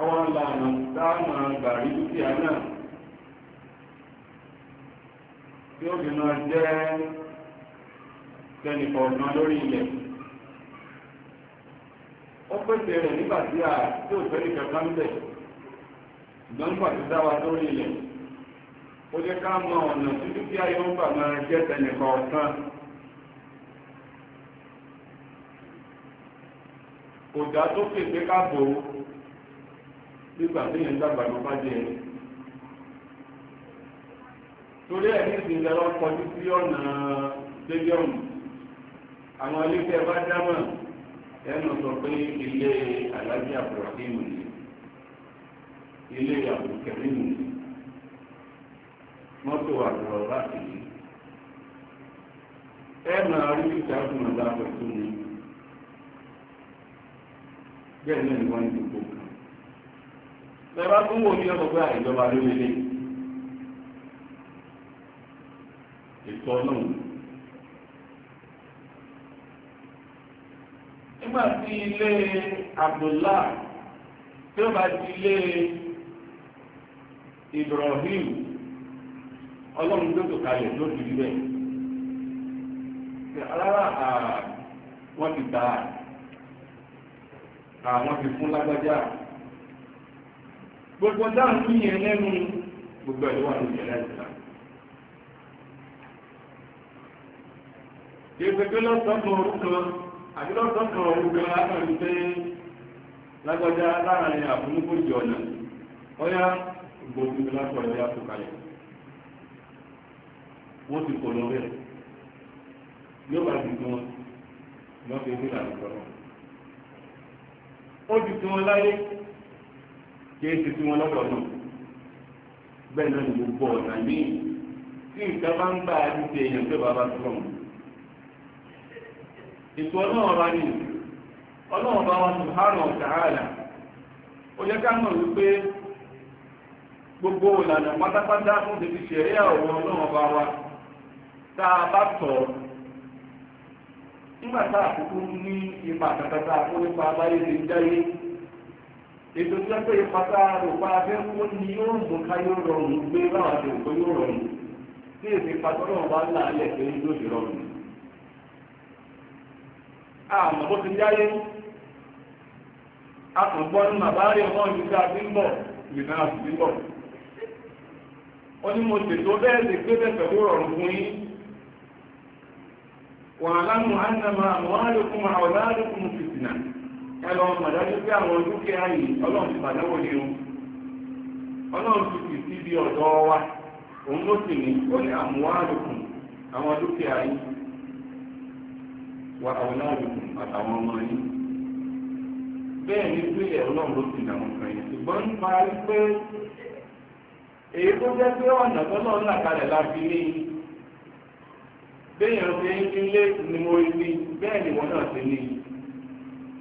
ọwọ́ ńlá dáàmà gbàrí dúkìá náà tí ó fi jẹ́ tẹnìkọ̀ ọ̀gbọ́n lórí ilẹ̀ ó pèsè rẹ̀ tí bẹ̀ dáwà lórí ilẹ̀ ó jẹ́ ọ̀nà tí dúkìá yóò gbà máa jẹ́ tẹnìkọ̀ ọ̀tán nígbà tí yẹn dàgbà ló bá jẹ ẹni. torí ẹ̀ ní ìsinmi lọ kọjú sí ọ̀nà stadium àwọn iléeṣẹ́ bá dámọ̀ ẹnu sọ pé ilé alájí abdulrahim ni ilé abdulkarim ni mọ́tò àdúrà kìí ẹ máa rí ìtàkùn ọ̀dà pẹ̀tù ni bẹ́ẹ̀ náà ni wọ́n ń dúpọ̀ tẹ́lá tó ń wò ní ọ̀sọ̀ pé àìjọba ló lé lé ètò ọlọ́run. nígbà tí ilé Abdullah tí ó bá di ilé Ibrahim ọlọ́run tó tó kalẹ̀ ló ti rí bẹ́ẹ̀. rárá wọ́n ti gbà àwọn ti fún lágbájá. gbogbo dáhùn ní yẹn gbogbo ẹ̀lọ́wà ní ìjẹ̀lá ìjẹ̀lá ìpẹ̀pẹ̀ ọ̀nà ọ̀yá gbogbo látọ̀ ẹ̀yà tó wọ́n ti kò lọ bẹ́ẹ̀ yóò bá ọrụ wọn ọrụ ó láyé kìí ṣe tí wọ́n lọ́dọ̀ náà bẹ́ẹ̀ náà ni gbogbo ọ̀nà míì tí nǹkan bá ń gbà á ti ṣe èèyàn pé bàbá tó ètò ọlọ́run bá ọlọ́run bá wọn ó yẹ ká mọ̀ wípé gbogbo ìlànà pátápátá fún ti ọlọ́run bá wa tá a bá tọ̀ nígbà tá a kúkú ní ipa àtàkàtà nípa abáyé ètò tí wọ́n pè é pátá ni yóò mú ká yóò rọrùn gbé báwọn àti òpó yóò rọrùn tí èsì pátá náà là pé yóò rọrùn. àmọ́ bó ti a kàn gbọ́ nínú àbárí ọmọ ìlú tí a ti ń bọ̀ náà sì ti ń bọ̀. ní mo ṣètò bẹ́ẹ̀ lè gbé bẹ́ẹ̀ pẹ̀lú rọrùn fún yín. wàhálà mu ẹlọ màdájú pé àwọn dúkìá yìí ọlọ́run ti pàdánwò ní o ọlọ́run ti sì síbi ọ̀dọ́ wa òun ló sì ní ó ní àwọn dúkìá yìí àwọn àtàwọn ọmọ yìí bẹ́ẹ̀ ni pé ọlọ́run ló sì làwọn kan yìí ṣùgbọ́n ń parí pé èyí tó jẹ́ pé ọ̀nà tọ́lọ́ ńlá kalẹ̀ la fi ní bẹ́ẹ̀ ni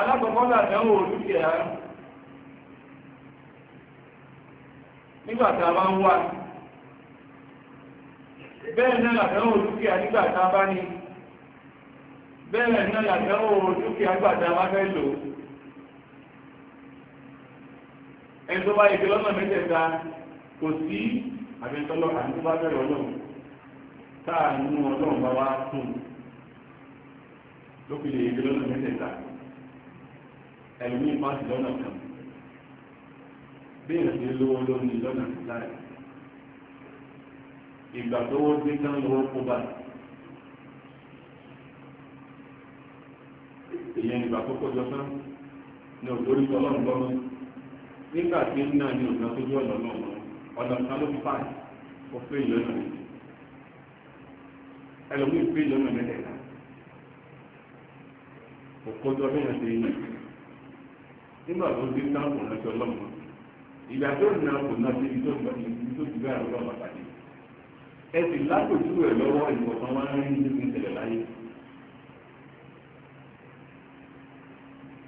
alákọ̀ọ́kọ́ làdánwò dúkìá nígbà tá a bá ń wà bẹ́ẹ̀ náà làdánwò dúkìá nígbà tá bá ní bẹ́ẹ̀ náà làdánwò dúkìá nígbà tá bá fẹ́ lò ẹni bá yẹ lọ́nà mẹ́tẹ̀ẹ̀ta kò sí àbẹ̀tọ́lọ́ àti tó bá táà nínú ẹ̀lùmí pàtì lọ́nà kan bí ìrìnàjò lówó lónìí lọ́nà láì ìgbà tó wọ́n gbé tán lọ́wọ́ kó bá ìyẹn ìgbà tó kọjọ tán ní òtórí tọ́lọ́run lọ́nà nígbà tí ń náà ní òjò tó jẹ́ ọ̀nà náà ọ̀nà kan ló fi pàtì ó fẹ́ ìlọ́nà ẹlòmíì fẹ́ ìlọ́nà mẹ́tẹ̀ẹ̀ta òkójọ bí ìrìnàjò yìí nígbà tó dé náà kò rántí ọlọ́mọ ìgbà tó nà kò náà débi tó gbà ibi tó ti bá àrùn lọ́wọ́ pàdé ẹ sì lápòjú rẹ̀ lọ́wọ́ ìkọ̀tàn wọn rí ní ìṣẹ̀lẹ̀ láyé.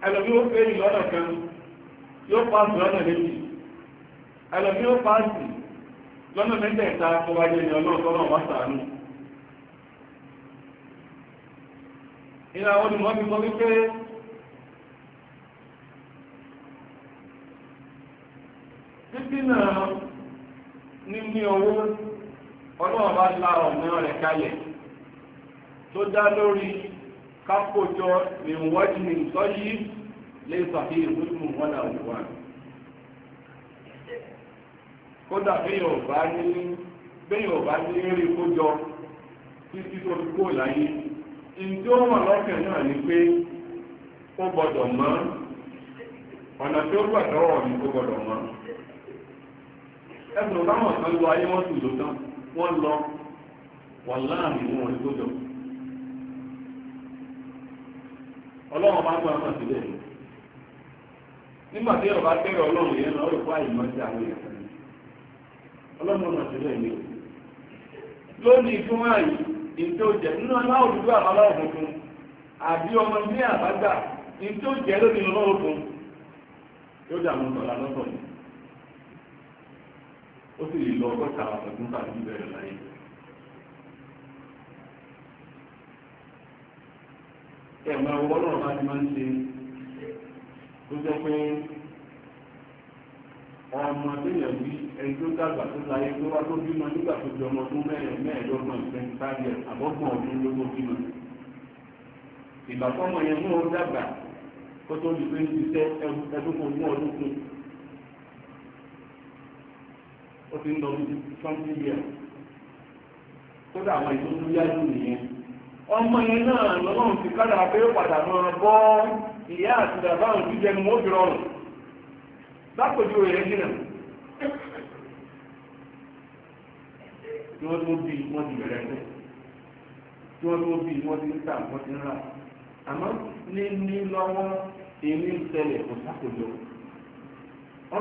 ẹlòmí ó fẹ́ yìí lọ́nà kan yóò pàṣẹ lọ́nà méjì ẹlòmí ó pàṣẹ lọ́nà mẹ́tẹ̀ẹ̀ta tó wá jẹ́ ní ọlọ́ọ̀tọ́ náà wá sàánú. ìlà àwọn olùmọ̀ owó ọlọ́wọ́ bá la na rẹ̀ kalẹ̀ tó dá lórí kápòjọ ní ní ìtọ́jú lè ṣàfihàn fún ìwọ́dà òwúwa kódà bẹ́yìn ní rí kójọ títí tó fi kó láyé ìdí ó lọ́kẹ̀ náà ni pé ó mọ́ ọ̀nà tí ó ẹ̀sùn táwọn kan ihe ayé wọ́n sì tán wọ́n lọ láàrin wọn tó jọ. ọlọ́run bá ń gbọ́ àwọn àtìlẹ́ nígbà tí ọba tẹ́rẹ̀ ọlọ́run yẹn lọ́rọ̀ fún àyè àwọn èèyàn ọlọ́run náà lónìí fún àyè jẹ nínú ó sì lọ ọgọ́ta ọdún tàbí bẹ̀rẹ̀ láyé. ẹ̀mọ ọwọ́ náà bá ti máa ń ṣe tó jẹ́ pé ọmọ téèyàn bí ẹni tó dàgbà tó láyé tó wá tó bímọ nígbà tó di ọmọ ọdún mẹ́rin mẹ́ẹ̀ẹ́dọ́gbọ̀n twenty five years àbọ̀gbọ̀n ọdún ló tó bímọ. ìgbà fọmọ yẹn mú ọ dàgbà kó tó di pé ń ṣiṣẹ́ ẹdún ogún ọdún kù. ó ti ń lọ bí twenty years kódà àwọn ètò yájú nìyẹn ọmọ yẹn náà lọ́lọ́run ti kádà pé padà máa bọ́ ìyá àti bàbá òun jíjẹ mú ó fi rọrùn lápòjú rẹ̀ tí wọ́n tó bí wọ́n ti bẹ̀rẹ̀ tí wọ́n tó bí wọ́n ti ń wọ́n ti ń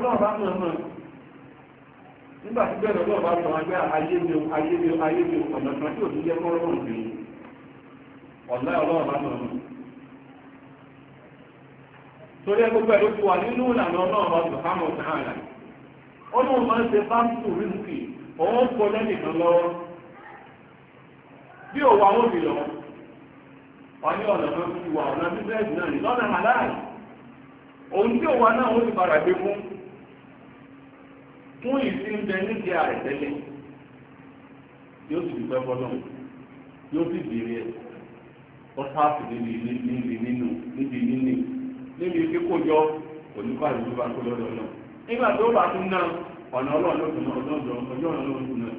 rà àmọ́ nígbà tí bẹ́ẹ̀ lọ́wọ́ bá sọ agbẹ́ ayébíò ayébíò ayébíò ọ̀nà kan tí ò ní jẹ́ kọ́rọ́ òun sí ọ̀lá ọlọ́wọ́ bá sọ ọ̀nà torí ẹ gbogbo ẹ̀rọ fún wa nínú ìlànà ọlọ́wọ́ bá sọ àlà ọlọ́wọ́ máa lọ ní ọ̀nà kan ọ̀nà bíbélì náà ní lọ́nà òun tí náà fún ìsínbẹ níbi àìtẹ́lẹ̀ yóò sì dúpẹ́ fọlọ́ yóò sì béèrè ẹ̀ ọ̀sá àfìdí níbi nínú níbi nínú níbi kíkójọ òníkọ́ àdúgbò bá kó lọ́dọ̀ náà nígbà tó bá tún náà ọ̀nà ọlọ́run ló náà ọjọ́ ọjọ́ náà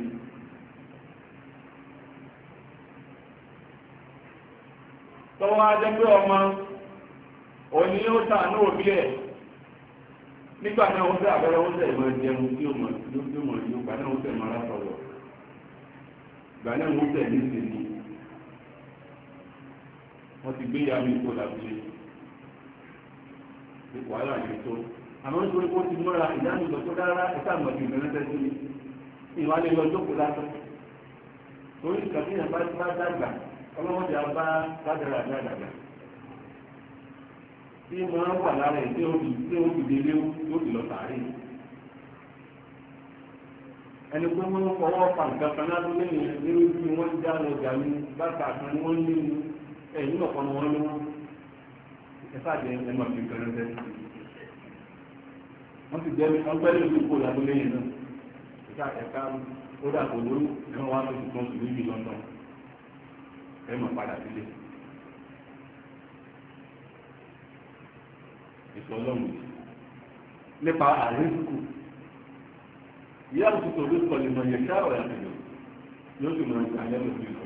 tọ́wọ́ ajẹ́ pé ọmọ òní ó ní nígbà náà wọ́n tẹ́ àbẹ́rẹ́ wọ́n tẹ́ ìmọ̀ jẹun tí ó mọ̀ tí ó mọ̀ yóò gbà náà wọ́n tẹ́ ìmọ̀ aláfọwọ́ gbà náà wọ́n tẹ́ ní ìsinmi wọ́n ti gbé ìyá mi kó làbúlé ipò wàhálà yìí tó àmọ́ nítorí kó ti mọ́ra ìdánilọ́ tó dára ẹ̀ka àmọ̀jù ìgbẹ́nẹ́tẹ́ sí mi ìwádìí lọ jókòó lásán torí ìkàtí ìyàbá bá dàgbà ọlọ́wọ́dì àbá bá dára dára dára tí máa wà lára ẹ̀ tí ó fi tí ó fi délé yóò fi lọ sàárè. ẹni pé wọ́n fọwọ́ pa nǹkan kan náà lórí ẹ̀yìn nínú bí wọ́n já lọ jà ní bàtà kan ni wọ́n ní ẹ̀yìn ọ̀kan ni wọ́n ní wọ́n. ẹ sáàjẹ ẹ máa fi kẹrẹ wọ́n ti jẹ́ wọ́n gbẹ́ lórí ipò ìyàwó lẹ́yìn náà. ìta ẹ̀ka ó dà kò lórí ẹ̀wọ̀n wá lóṣù kan sì níbi London ẹ̀ máa padà sílé. ìfọlọ́mù nípa àrísìkò ìyá òtútù orúkọ lè mọ iye káàrọ̀ àtìlẹ̀ yóò sì mọ ìgbà yẹn lòdì lọ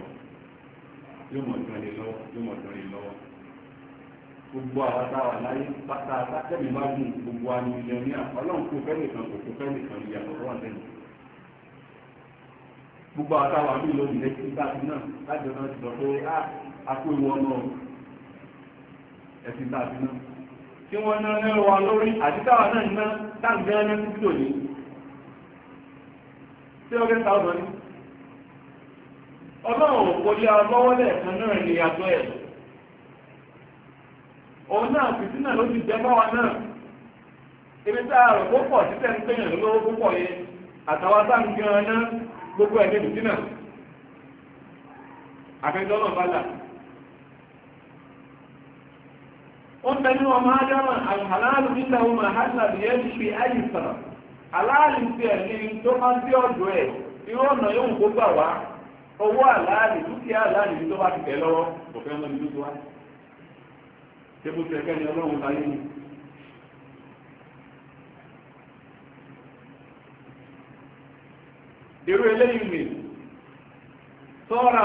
yóò mọ ìgbà yẹn lọ́wọ́ yóò mọ ìgbà yẹn lọ́wọ́ gbogbo àwọn táwa láyé pátá sátẹ́mi bá gùn gbogbo àwọn ilẹ̀ ní àpọ́lọ́n kó fẹ́ nìkan kò kó fẹ́ nìkan ìyàtọ̀ rọ̀ lẹ́nu gbogbo àwọn táwa ní ìlú ìlẹ̀ tí bá ti náà lájọ náà ti lọ pé ah, a kó ìwọ náà ẹ̀sìn tá a ti náà tí wọ́n ná lẹ́rọ wa lórí àdíkáwà náà ná dáǹgẹ́ ná títí òní tí ó gẹ́ta ọ̀dọ́ ní ọlọ́run òkò lé ọlọ́wọ́lẹ̀ kan náà ní àjọ ẹ̀ òun náà fìtí náà ló ti jẹ́ báwa náà ebi tá a púpọ̀ títẹ̀ ń pèyàn lówó púpọ̀ àtàwọn gbogbo ẹ̀ ní wọ́n tẹnu ọmọ adámà alhàlálù nígbà wọn àhàlà bí ẹ́ ti fi ayé sọ̀rọ̀ aláàlì ti ẹ̀ ní tó máa ń dé ọ̀dọ̀ ẹ̀ irú ọ̀nà yóò kó gbà wá owó aláàlì dúkìá aláàlì tó bá ti tẹ̀ lọ́wọ́ kò fẹ́ mọ́ ibi tó wá. ṣé kò tẹ̀ kẹ́ni ọlọ́run láyé ni. irú eléyìí mi sọ́ra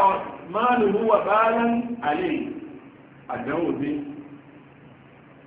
máàlù wúwà báálá àlè àdánwò dé.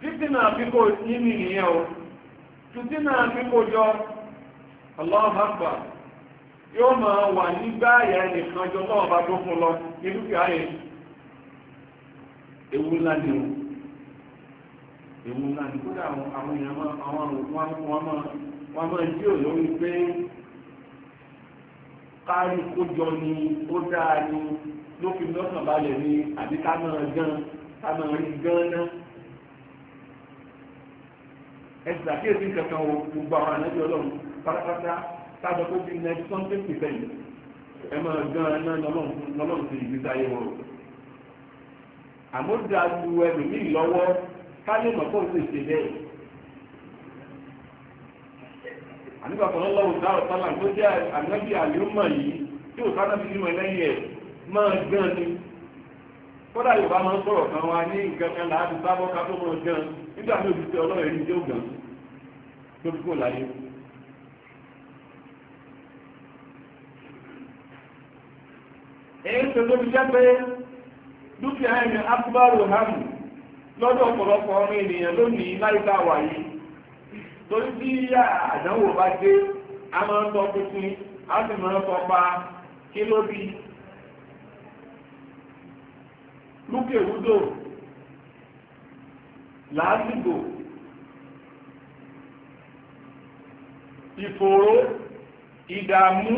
títínà àfikò yìí nìyẹn o títínà àfikò jọ Allahu Akbar yóò máa wà nígbà àyà ẹnìkan jọ náà bá tó fún lọ nínú kí ayé ewu ńlá ni o ewu ńlá ni kódà àwọn èèyàn máa àwọn àrùn wọn máa wọn pé kárí kójọ ni ó dáa ni ló lọ́sàn balẹ̀ ni àbí ká máa gan ká máa rí gan náà ẹ̀sìn àkíyèsí kankan wo gbogbo àwọn ànájọ́ ọlọ́run pátápátá tájọ tó fi ninety something percent ẹ máa gan ẹ náà lọ́lọ́run ti ìgbésí ayé wọn. àmọ́ dáa lu ẹlòmíì lọ́wọ́ ká lè mọ̀ fóun sì ṣe bẹ́ẹ̀. ànígbà kan lọ́wọ́ dáhùn sálà tó jẹ́ ànábì àlùmọ̀ yìí tí ò sáré bíi mọ̀ lẹ́yìn ẹ̀ máa gan ni. kódà yorùbá máa ń sọ̀rọ̀ kan wá ní nǹkan kan láti sábọ́ ká tó máa gan nígbà tó ti tẹ ọlọ́run ẹni tí ó gàn tó fi kó láyé. èyí ń sọ jẹ́ pé dúkìá ẹni akúbárò hàmù lọ́dọ̀ ọ̀pọ̀lọpọ̀ ọmọ ènìyàn lónìí láìka wà yìí torí tí àdánwò bá dé a máa ń tọ́ pínpín a sì máa ń tọpa kí làásìgbò ìfòòró ìdààmú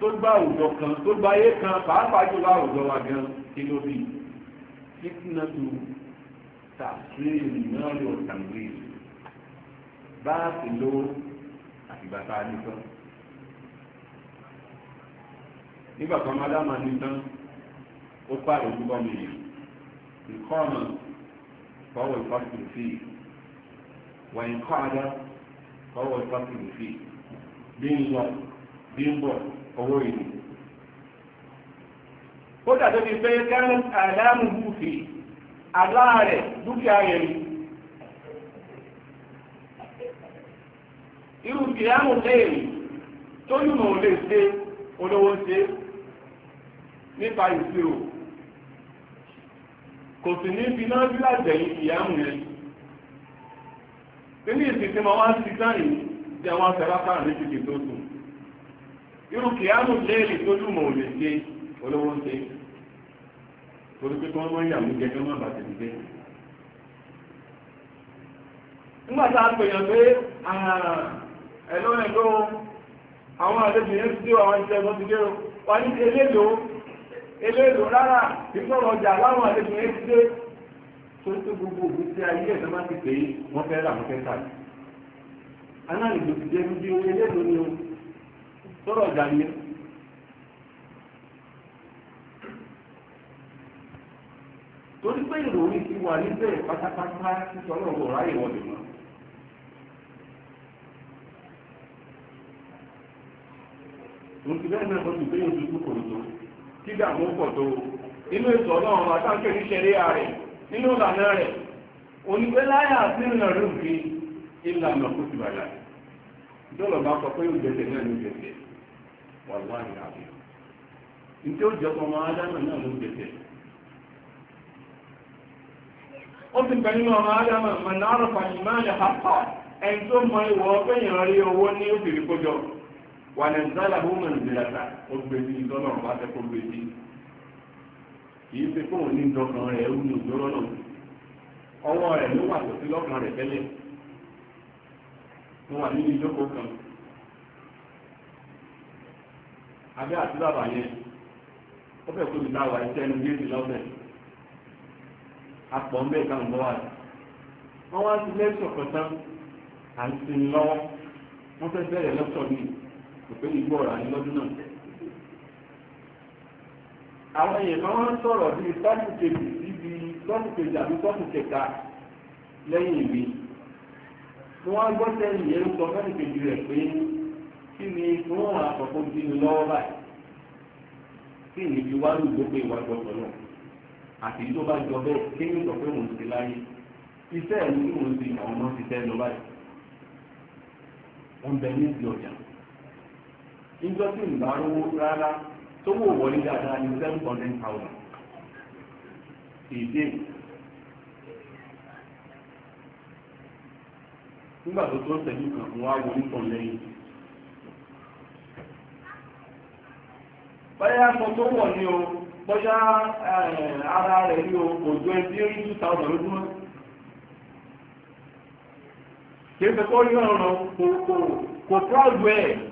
tó gbá òjò kan tó gbáyé kan pàápàá jùlọ àwùjọ wa gan kí ló bí fitna tó tàṣírí náà yóò tàǹgbé báàsì lówó àtìgbà tá a ní tán nígbà kan máa dá máa ní ó pààrọ̀ ojú bọ́ mi فهو الفصل فيه وإن قعد فهو الفصل فيه بينظر بينظر owó ìlú ó dàtọ́ ti pé kẹ́rin àdámùbù fi aláàrẹ̀ dúkìá rẹ̀ ni irú kìláàmù lẹ́yìn tó yùnà ò lè ṣe olówó ṣe nípa ìṣirò kò sì ní fi náà bílá jẹ̀yìn ìyáàmù yẹn nínú ìsìn wá ń ti tí àwọn asẹ̀lápá mi ti irú tó dùnmọ̀ ò ṣe olówó ń ṣe torí pé kí wọ́n máa ń yàwó jẹ́ wọ́n má nígbà tá a pè yàn pé àwọn ti dé ti dé Ebe rárá ìfọ̀rọ̀ ọjà láwọn àlejò ẹ̀ ti dé tó tó gbogbo òbí tí ayé ẹ̀ máa ti pè é wọ́n fẹ́ rà wọ́n fẹ́ tà aláìlú ti jẹ́ bí ni o sọ̀rọ̀ ọjà ni torí pé ìròyìn ti wà níbẹ̀ pátápátá sísọ náà kò ráyè wọlé mọ́. mo ti bẹ́ẹ̀ náà kọ́ dídà mú ịnụ tó inú ètò ọlọ́run wa táǹkì ààrẹ nínú ìlànà rẹ̀ onígbéláyà sí ìrìnà rúbì ìlànà kó ti bàjá ìjọlọ bá sọ pé òjẹsẹ náà ló jẹsẹ wà láàrin àbí nítorí ó ọmọ náà ló ó ti bẹ nínú ọmọ mọ̀nà àrùn ẹni tó mọ ìwọ ọgbẹ́yìn owó ní kójọ wàlẹ̀ntàlà hómọ̀ ìgbìlàtà ó gbé sí ìtọ́nà ọ̀pá tẹ́kọ̀ gbé sí kìí ṣe dọkàn rẹ̀ ó ní òjòrò náà ọwọ́ rẹ̀ ló wà tó sí lọ́kàn rẹ̀ tẹ́lẹ̀ wọn wà nínú ìjókòó kan abẹ́ yẹn ó fẹ́ kó mi apọ̀ ń bọ́ kò pé ìgbọ́ ọ̀rá ní lọ́dún náà. àwọn èèyàn kan wọ́n ń sọ̀rọ̀ bíi tọ́pù kejì síbi tọ́pù kejì àbí tọ́pù kẹta lẹ́yìn mi. wọ́n á gbọ́ sẹ́yìn yẹn ń sọ fẹ́ẹ̀lì kejì rẹ̀ pé kí ni wọ́n àkọ́kọ́ bí mi lọ́wọ́ báyìí tí ìrìnbí wá lù gbogbo ìwà gbọ́dọ̀ náà àti tó bá jọ bẹ́ẹ̀ kí ní sọ pé mò ń ti láyé iṣẹ́ ẹ̀ ní mò ń ti àwọn ọmọ ti tẹ́ lọ báyìí wọ́n bẹ ní ìdí ọjà níjọ́ tí ìgbà rówó rárá tó wò wọlé dáadáa ní seven hundred thousand èdè nígbà tó tó ṣẹ́jú kan wọ́n á wọlé tán lẹ́yìn. o eh, ara rẹ̀ ní o kò two thousand lójúmọ́. ọ̀rọ̀ kò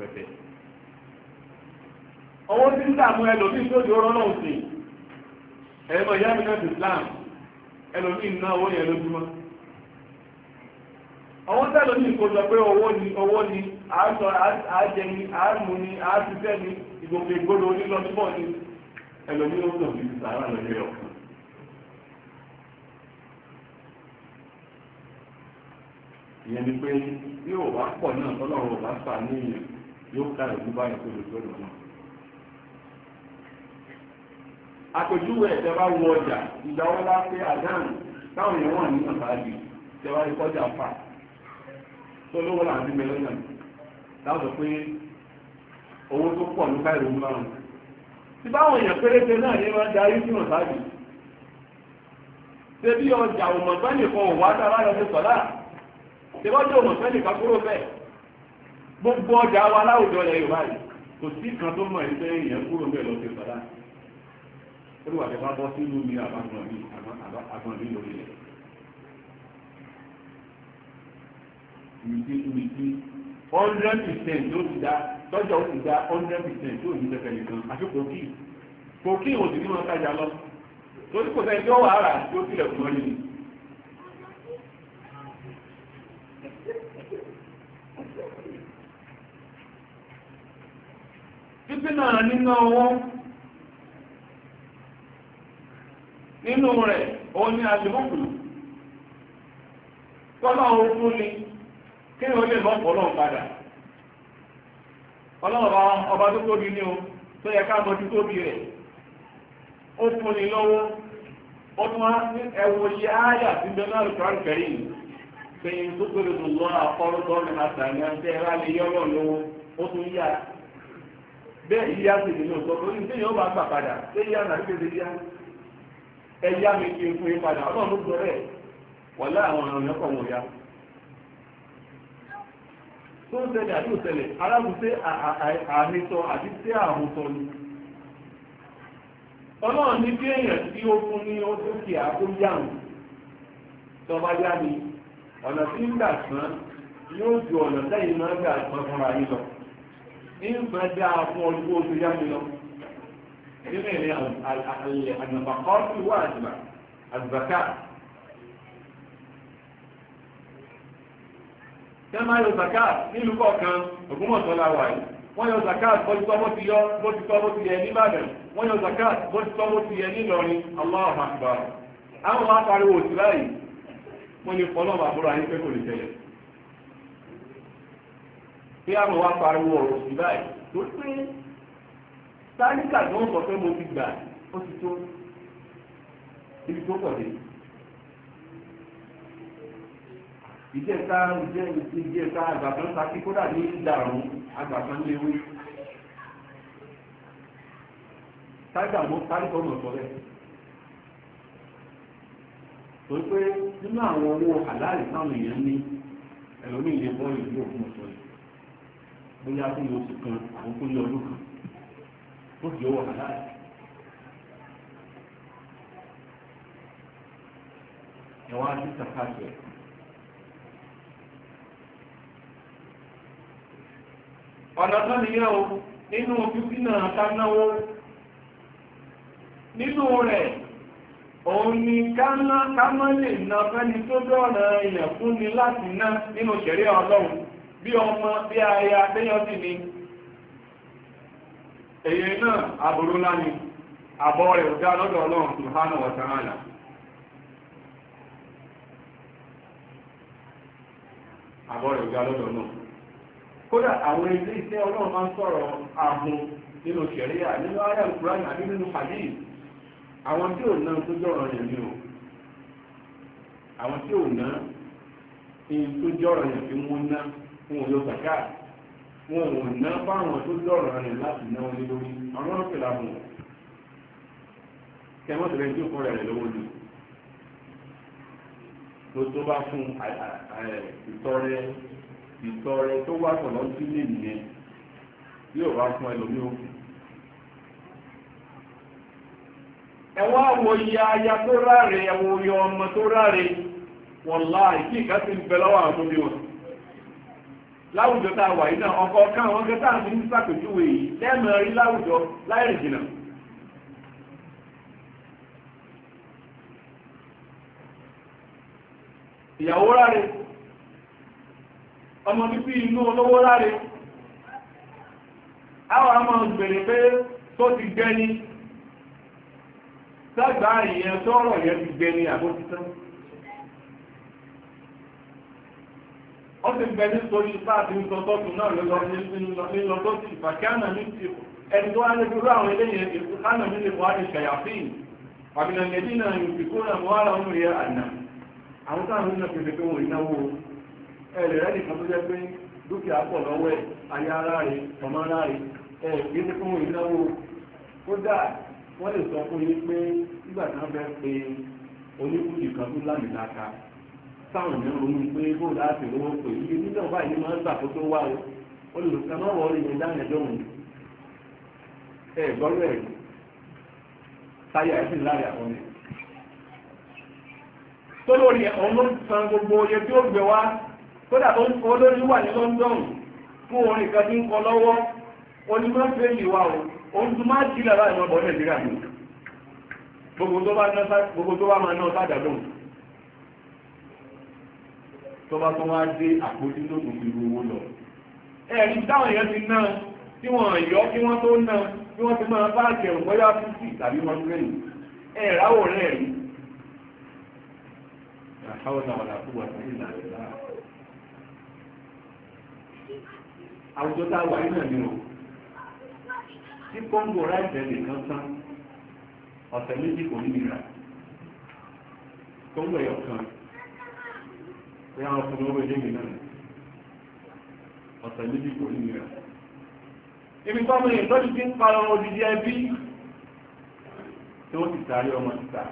rẹpẹtẹ owó tí ń dààmú ẹlòmíín tó di ọ̀rọ̀ náà sí ẹ̀rọ náà Islam ẹlòmí náà owó yẹn lójúmọ́ owó tẹ́lòmíín kò sọ pé ni owó ni àásọ àájẹ ni ni àásíṣẹ́ ni ìgbòkè ìgbòdò onílọ́dúnbọ̀ ni ó sọ sàárà lọ́jọ́ ìyẹn ni pé ní ìyẹn yóò dára ju báyìí tó lè tó lè mọ. àpèjúwe ìjọba ọjà ìdáwọ́ láti àdáhùn táwọn èèyàn wà ní ọ̀sán àgbè ìjọba ìkọjà fà tó lówó là ń bí mẹ́lẹ́ láwùjọ pé owó tó pọ̀ ní báyìí ló wọn. tí báwọn èèyàn péréte náà darí sí bí ọjà òmọ̀gbẹ́nìkan ò wá dára lọ sí gbogbo ọjà wa láwùjọ ilẹ̀ yorùbá yìí kò sí kan tó mọ̀ ẹgbẹ́ èèyàn kúrò ń bẹ̀ lọ sí padà ó wà tẹ́fà bọ́ sí ìlú mi àbọ̀n mi lórí ilẹ̀ ìmìtìmìtì hundred percent ló ti dá tọ́jà ó ti dá hundred percent tó ní tẹ́fẹ̀ nìkan àti kòkí kòkí òsì ní wọn kájà lọ torí kò sẹ́ni tó wà á rà tó tilẹ̀ kùn ọ́ nìyí. títí náà nínú owó nínú rẹ̀ òun ni ogun ni kí ni lè ọlọ́run padà ọlọ́run ọba tó tóbi ní o tó yẹ ká mọ́jú tóbi rẹ̀ ó fún ni lọ́wọ́ ó tún wá ṣe sí bẹ́ẹ̀ náà lùkọ́ tó tóbi lọ́wọ́ àkọ́rọ́tọ́ ẹ̀rá bẹ́ẹ̀ yíyá sì ní lóòótọ́ torí ní yóò bá gbà padà ṣé yíyá náà ṣe ṣe yá ẹ yá mi kí n fún yín padà ọlọ́run ló àwọn ya. tó ń ṣẹlẹ̀ àti òṣẹlẹ̀ alágùnṣe àmì sọ àti àrùn sọ ni. ọlọ́run ní kí èèyàn tí ó fún ní tó yá ni ọ̀nà tí ń gbà sàn yóò ju ọ̀nà lẹ́yìn ìfẹ́ dáa fún ọdún oṣù yàmù lọ nínú yọ zakat, nílùú kọ̀ọ̀kan ògúnmọ̀tọ́ la wà zakat yọ zaka ti yọ zakat ti yẹ ní Ìbàdàn wọ́n yọ zaka bójútọ́ bó ti yẹ ní Ìlọrin àwọn wọ́n kí á mọ̀ wá pariwo ọ̀rọ̀ sí báyìí tó pé táníkà tó ń sọ pé mo ti gbà ó ti tó ibi tó pọ̀ dé. ìjẹta ìjẹ ìjẹta àgbàkan saki kódà ní ìdàrún àgbàkan léwé táìgà mọ táìgà ọmọ sọ bẹ́ẹ̀ tó pé nínú àwọn owó àláàlì táwọn èèyàn ní ẹlòmíì lè bọ́ ìlú òfin ọ̀sọ̀ yìí bóyá tó yọ oṣù kan àwọn tó yọ ọdún kan ó sì yọ wọ̀ láàyè. ẹ̀wọ̀n àti sàkáàtì ẹ̀. ọ̀nà tó nìyẹn o nínú fífínà kánáwó nínú rẹ̀ òun ni káná kámá lè na fẹ́ni tó dọ̀rọ̀ ẹ̀yàn fún ni láti ná nínú ṣẹ̀rí ọlọ́run. bí ọmọ bí aya tẹ́yọ́sì ni èyí náà àbúrú ni rẹ̀ ò lọ́dọ̀ ọlọ́run tó wa ta'ala àwọn ilé iṣẹ́ ọlọ́run máa sọ̀rọ̀ nínú nínú ayé àbí nínú àwọn àwọn tí ò ná tó yẹn fi mú wọn ò yọ zaka wọn ò fáwọn tó lọ́rọ̀ rẹ̀ láti ná wọn lórí àwọn ọ̀rọ̀ pẹ̀lú àwọn kẹmọ́ tẹ̀lé tí ó kọ́ rẹ̀ lọ́wọ́ lù tó tó bá fún ìtọrẹ ìtọrẹ tó wá sọ̀rọ̀ sí lè nìyẹn yóò wá fún ẹlòmíì ó ẹ wá wo aya tó ráre ẹ wo ọmọ tó ráre wọ̀nlá ìkíkà ti ń bẹ lọ́wọ́ àwọn tó wọn. láwùjọ tá a wà yìí náà ọkọ̀ káwọn gẹ́gẹ́ àti ní sàpèjúwe yìí lẹ́mọ̀ rí láwùjọ láìrìn jìnà ìyàwó ráre ọmọ bíbí inú olówó ráre àwọn ọmọ gbèrè pé tó ti gbẹni sàgbà ìyẹn tọ́rọ̀ yẹn ti gbẹni àbótítán ó ti bẹ nítorí ipá àti ìtọ́tọ́tù náà ló lọ nílọ kí ti ìfàkíánà ní ti ẹni tó wá lé dúró àwọn eléyìí ètò kánà ní lè wá ní ṣàyàfín àbìnà lèdí náà yóò fi kó náà wá láwọn ìyá àná àwọn táwọn náà fi fẹ́ wọn ìnáwó ẹ̀rẹ̀ rẹ̀ nìkan tó jẹ́ pé dúkìá pọ̀ lọ́wọ́ ẹ̀ ayé ara táwọn èèyàn ronú pé bó láti lówó pé iye nígbà wọn báyìí máa ń gbà kó tó wá o olùkọ́ máa wọ orí yẹn dáhùn ẹjọ́ wọn ẹ gbọ́dọ̀ ẹ̀ táyà ẹ̀ sì láàyè àwọn ẹ̀ tó lórí san gbogbo oye tí ó gbẹ wá kódà tó ń kọ́ lórí wà ní London fún orin kan tí ń kọ lọ́wọ́ onímọ̀fẹ́ yìí wà o òun tún máa jí lára ìwọ̀n bọ̀ Nàìjíríà gbogbo tó bá máa ná sádà lóhùn tó bá tó wá dé àpótí tó kò fi owó lọ. ẹ̀rí táwọn èèyàn ti náà tí wọ́n yọ kí wọ́n tó náà tí wọ́n ti máa bá àjẹun bóyá fífì tàbí wọn lẹ́yìn ẹ̀ráwọ̀ rẹ̀ rí. àwùjọ tá a wà nínú ẹ̀mí o tí kóńgò ráìsẹ̀ nìkan tán ọ̀sẹ̀ méjì kò ní ìrà kóńgò ẹ̀yọ̀ kan pé àwọn ọkùnrin owó ilé mi náà ọ̀sẹ̀ méjì kò ní ìrà ibi tó mú ìtọ́jú tí ń parọ́ odidi ẹbí tí ó ti tààrí ọmọ títà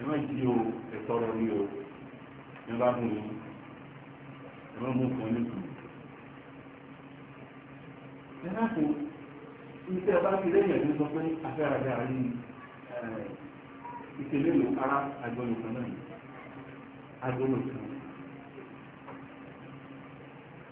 ẹ̀mọ́ ìdí o ẹ̀tọ́ rọ ní o ní bá mú ní ẹ̀mọ́ mú kan ní kù ẹ̀rọ ara àjọyọ̀ kan náà àjọyọ̀ kan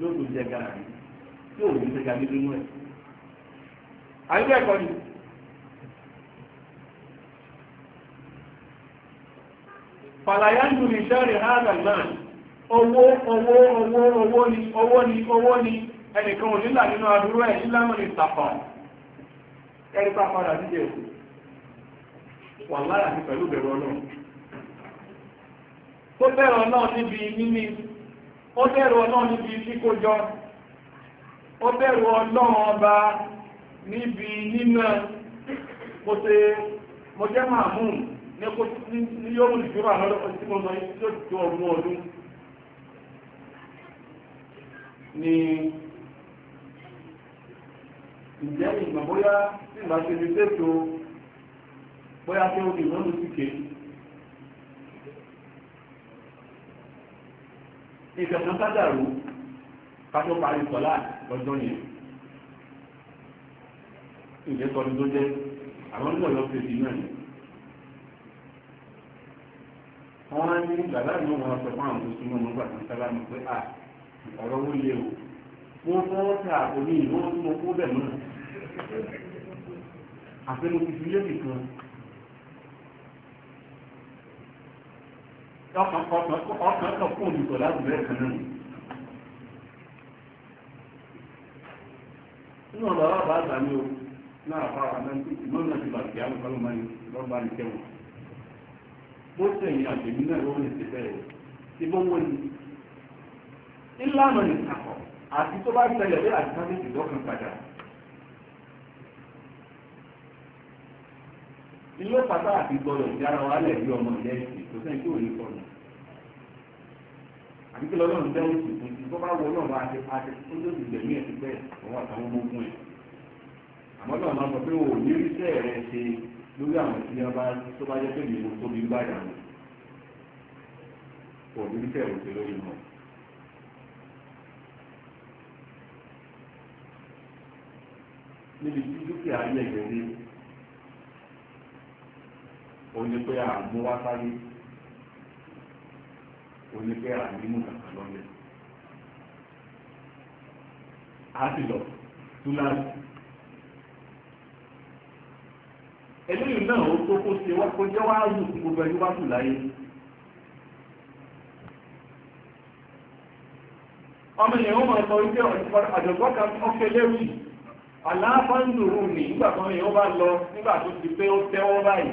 yóò tó jẹ gàrí yóò ní jẹ gàrí nínú ẹ̀. àyíká ẹ̀kọ́ ni. fàlàyé ń dùn ìṣẹ́ rẹ̀ hàn án náà owó owó owó owó ni owó ni owó ni ẹnìkan ò nílà nínú adúrú ẹ̀ nílámù ní ìtàkọ̀ ẹ̀rí pàpàdà dídé òkú wà láyà ní pẹ̀lú bẹ̀rù ọlọ́run tó bẹ̀rù ọlọ́run níbi níní ó bẹ̀rù ọlọ́run níbi kíkó jọ ó bẹ̀rù ọlọ́run ọba níbi nínà mo mo jẹ́ màmú ní kó ní yóò mú ìṣòro àwọn ọlọ́pàá tí mo sọ ni ìjẹ́ ìgbà bóyá tí ìgbà ṣe fi ìfẹ̀sán sádàrú kátó parí sọ́lá lọ́jọ́ yẹn ìjẹ́ sọ́ni tó jẹ́ àwọn nígbà yọ fèsì náà ni wọ́n á ní bàbá mi wọ́n sọ fún àwọn tó súnmọ́ mọ́ gbàgbọ́n sábà mọ̀ pé à ọ̀rọ̀ wó lé o wọ́n fọ́ ta àpò ní ìwọ́n tó mọ́ kó bẹ̀ mọ́ àfẹnukú fi lé nìkan ọkàn kan fún olùsọ̀ láti bẹ̀rẹ̀ kan náà nínú ọ̀dọ̀ ọ̀rọ̀ bá gbà ní o náà bá wà náà tí ìmọ̀ náà ti bàtì àwọn kan ló máa ń lọ́gbà ní kẹwọn bó sẹ̀yìn àtẹ̀mí náà ló ń ṣe bẹ́ẹ̀ o ti bó wọ́n ni ńlànà ní àkọ́ àti tó bá ṣẹlẹ̀ bí àti sáfẹ́ ìdọ́kan padà ilé pàtàkì gbọdọ̀ ìjára wa lẹ̀ bí ọmọ ìyẹn kò sẹ́ni tí ò ní fún un tó bá wọ ọlọ́run àti àti tó tó ti gbẹ̀mí ẹ̀ ti bẹ́ẹ̀ òun àtàwọn ọmọ ẹ̀ àmọ́ náà máa sọ pé o ní rí rẹ ṣe lórí àwọn tí wọ́n bá tó bá jẹ́ pé mi ò tóbi ń bàjá mi o ò rẹ ṣe lórí wọn. níbi tí dúkìá yẹ̀ gẹ̀rẹ́ òun àmúwásáyé onífẹ́ ànímù kàkà lọ́lẹ̀ á sì lọ túláàsì eléyìí náà ó tó kó ṣe wá kó jẹ́ wá rù fún gbogbo ẹni wá kù láyé ọmọ ènìyàn ó máa sọ wípé àjọ̀gbọ́n kan ọ̀fẹ́ léwu aláfáàndùrù nì nígbà tó ní ó bá lọ nígbà tó ti pé ó tẹ́wọ́ báyìí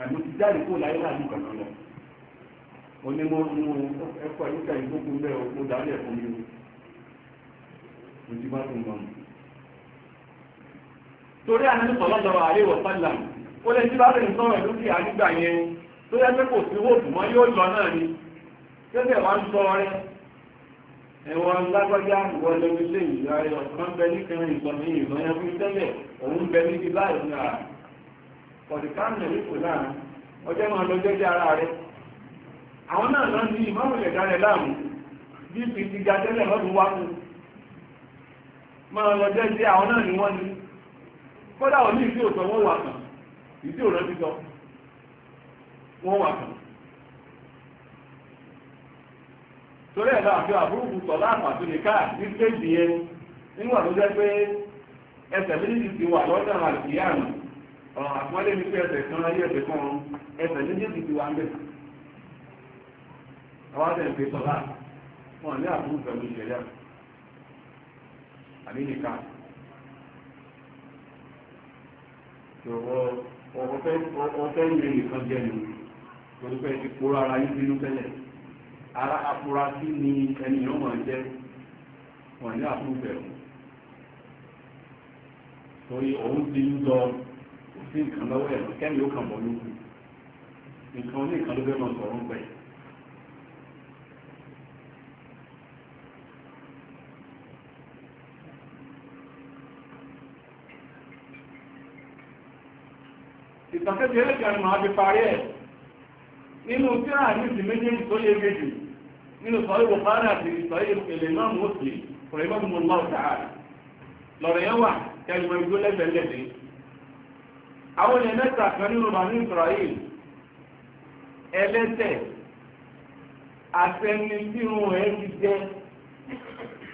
àmì ti jáde kó láyé láàbí kankan lọ onímọ̀ nínú ẹ̀kọ́ ẹ̀yíká ìgbókù ń bẹ̀ ó dálé ẹ̀kọ́ mi o ti bá tó ń bọ̀. torí àná sọ̀lọ́dọ̀ àárẹ̀ wọ̀sálà ó lè ti bá bẹ̀rẹ̀ sọ̀rọ̀ lókè nígbà yẹn tó yẹ pé kò sí wòtù mọ́ yóò lọ náà ni tẹ́tẹ̀ wá ń sọ rẹ ẹ̀wọ̀n lágbájá ìwọlẹ́wọlé ìyá ẹ̀ ọ̀kan bẹ níkan ìsọ̀mí ìsọ̀yẹ́ fún tẹ́lẹ̀ òun bẹ níbi láì ọ̀dìkánlẹ̀ ní kò láàrin ọjọ́ máa lọ jẹ́jẹ́ ara rẹ̀ àwọn náà lọ ní ìmọ̀wòlẹ̀ dárẹ̀ láàmú bí i ti ga tẹ́lẹ̀ lọ́dún wá fún máa lọ jẹ́jẹ́ àwọn náà ni wọ́n ni kódà wọ́n ní ìdí òtọ́ wọ́n wà kàn ìdí òrọ́ wọ́n wà kàn torí àbúrúkú sọ láàpà tó lè káà ní nígbà tó jẹ́ pé ẹsẹ̀ méjì àpọ́nlé mi pé ẹsẹ̀ kan ayé ẹsẹ̀ kan ọ̀run ẹsẹ̀ méjèèjì ti wà ń bẹ̀. àwọn àti ẹ̀fẹ́ sọ̀lá wọn ní àbúrò pẹ̀lú ìṣẹ̀lẹ̀ àbí nìka. ìṣòro ọ̀fẹ́ ìrìn nìkan jẹ́ ni torí pé ti kóró ara yín bínú tẹ́lẹ̀ ara afurasí ni ènìyàn mọ̀ jẹ́ wọn ní àbúrò pẹ̀lú. torí òun ti ń lọ sí nǹkan lọ́wọ́ ẹ̀ kẹ́mi ó kàn mọ́ lókun nǹkan ní nǹkan ló fẹ́ máa sọ̀rọ̀ ń pẹ́. ìtàkẹ́jẹ́ ẹlẹ́kẹ́ ni fi parí ẹ̀ nínú tí a ní ti méjèèjì tó yé méjì nínú sọ̀rọ̀ Bukhari àti sọ̀rọ̀ èlè náà mọ́sí ọ̀rọ̀ ìmọ̀ lọ́wọ́ sàárà lọ́rọ̀ yẹn wà kẹ́lùmọ̀ ìgbó lẹ́gbẹ̀ẹ́ àwọn ilẹ̀ mẹ́ta kan nínú bàní Israel ẹlẹ́tẹ̀ àtẹni tí irun ẹ̀ ti jẹ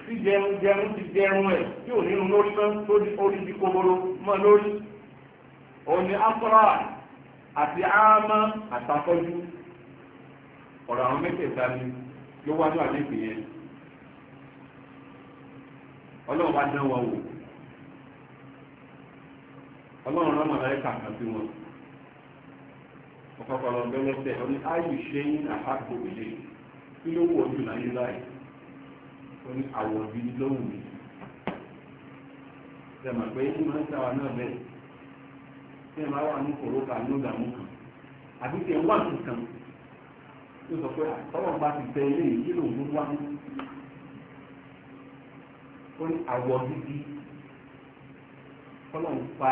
tí jẹun jẹun ti jẹun ẹ̀ tí ò nínú lórí mọ́ tó di orí di kòboro mọ́ lórí òní afra àti áámá àtàkọ́jú ọ̀rọ̀ àwọn mẹ́tẹ̀ẹ̀ta ni ló wájú àdéhùn yẹn ọlọ́run bá dán wọn wò. ọlọ́run rán màláìkà kan wọn ọ̀pọ̀pọ̀ lọ bẹ́ẹ̀ lọ́sẹ̀ ṣe ń àpapọ̀ òye kí ló wọ̀ jù láyé láì ó ní lóhùn mi pé ní máa ń sáwà náà bẹ́ẹ̀ tẹ̀ máa wà ní ní ọ̀dàmú kan àbí tẹ̀ wà tó sọ pé àtọ́wọ̀ bá ti tẹ ilé kọ́lọ̀ ń pa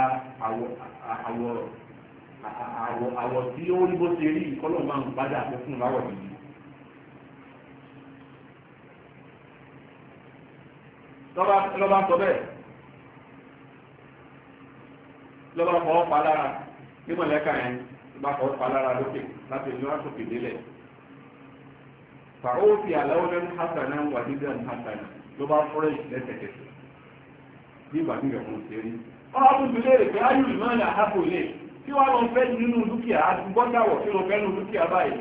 àwọ̀ tí ó rí bó ṣe rí kọ́lọ̀ máa ń padà pé fún láwọ̀ yìí. lọ́ba sọ bẹ́ẹ̀ lọ́ba fọwọ́ pa lára ní mọ̀lẹ́ka yẹn lọ́ba fọwọ́ pa lára lókè láti ìlú àtòkè délẹ̀ fàáwọ́fì aláwọ̀lẹ́nu hasana wà dídá hasana ló bá fọ́rẹ́ lẹ́sẹ̀kẹsẹ̀ bí ìgbà ìgbà kan ṣe rí ọ̀rọ̀ tó dùn léèrè pé ayú ìmọ̀ ní àhápò ilé tí wọ́n lọ fẹ́ nínú dúkìá àti gbọ́dáwọ̀ tí lọ fẹ́ nínú dúkìá báyìí